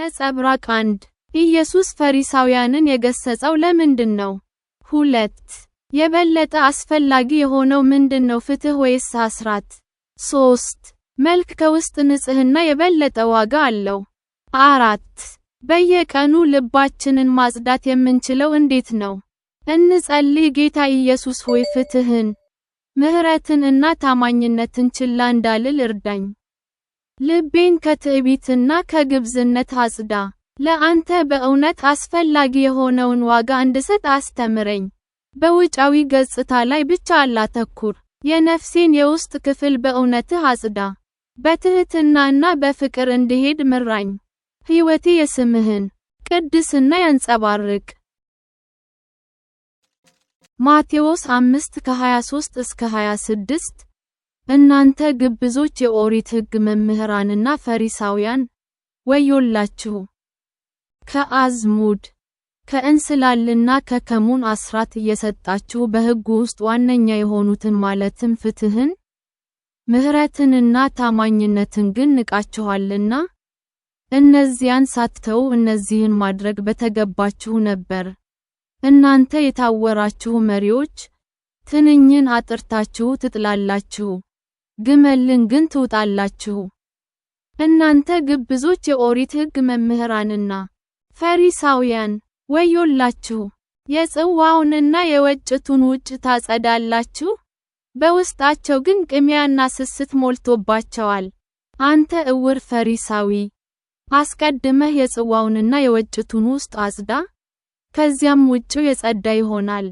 ነጸብራቅ አንድ ኢየሱስ ፈሪሳውያንን የገሰጸው ለምንድን ነው? ሁለት የበለጠ አስፈላጊ የሆነው ምንድን ነው? ወይስ አስራት? ሶስት መልክ ከውስጥ ንጽህና የበለጠ ዋጋ አለው። አራት በየቀኑ ልባችንን ማጽዳት የምንችለው እንዴት ነው? እንጸልይ። ጌታ ኢየሱስ ሆይ ፍትህን ምህረትን እና ታማኝነትን ችላ እንዳልል እርዳኝ። ልቤን ከትዕቢትና ከግብዝነት አጽዳ። ለአንተ በእውነት አስፈላጊ የሆነውን ዋጋ እንድሰጥ አስተምረኝ። በውጫዊ ገጽታ ላይ ብቻ አላተኩር። የነፍሴን የውስጥ ክፍል በእውነትህ አጽዳ። በትህትናና በፍቅር እንድሄድ ምራኝ። ሕይወቴ የስምህን ቅድስና ያንጸባርቅ። ማቴዎስ 5 ከ23 እስከ 26 እናንተ ግብዞች የኦሪት ሕግ መምህራንና ፈሪሳውያን፣ ወዮላችሁ! ከአዝሙድ ከእንስላልና ከከሙን አስራት እየሰጣችሁ በሕጉ ውስጥ ዋነኛ የሆኑትን ማለትም ፍትህን ምሕረትንና ታማኝነትን ግን ንቃችኋልና፣ እነዚያን ሳትተው እነዚህን ማድረግ በተገባችሁ ነበር። እናንተ የታወራችሁ መሪዎች፣ ትንኝን አጥርታችሁ ትጥላላችሁ። ግመልን ግን ትውጣላችሁ። እናንተ ግብዞች የኦሪት ሕግ መምህራንና ፈሪሳውያን ወዮላችሁ! የጽዋውንና የወጭቱን ውጭ ታጸዳላችሁ፣ በውስጣቸው ግን ቅሚያና ስስት ሞልቶባቸዋል። አንተ እውር ፈሪሳዊ፣ አስቀድመህ የጽዋውንና የወጭቱን ውስጥ አጽዳ፣ ከዚያም ውጭው የጸዳ ይሆናል።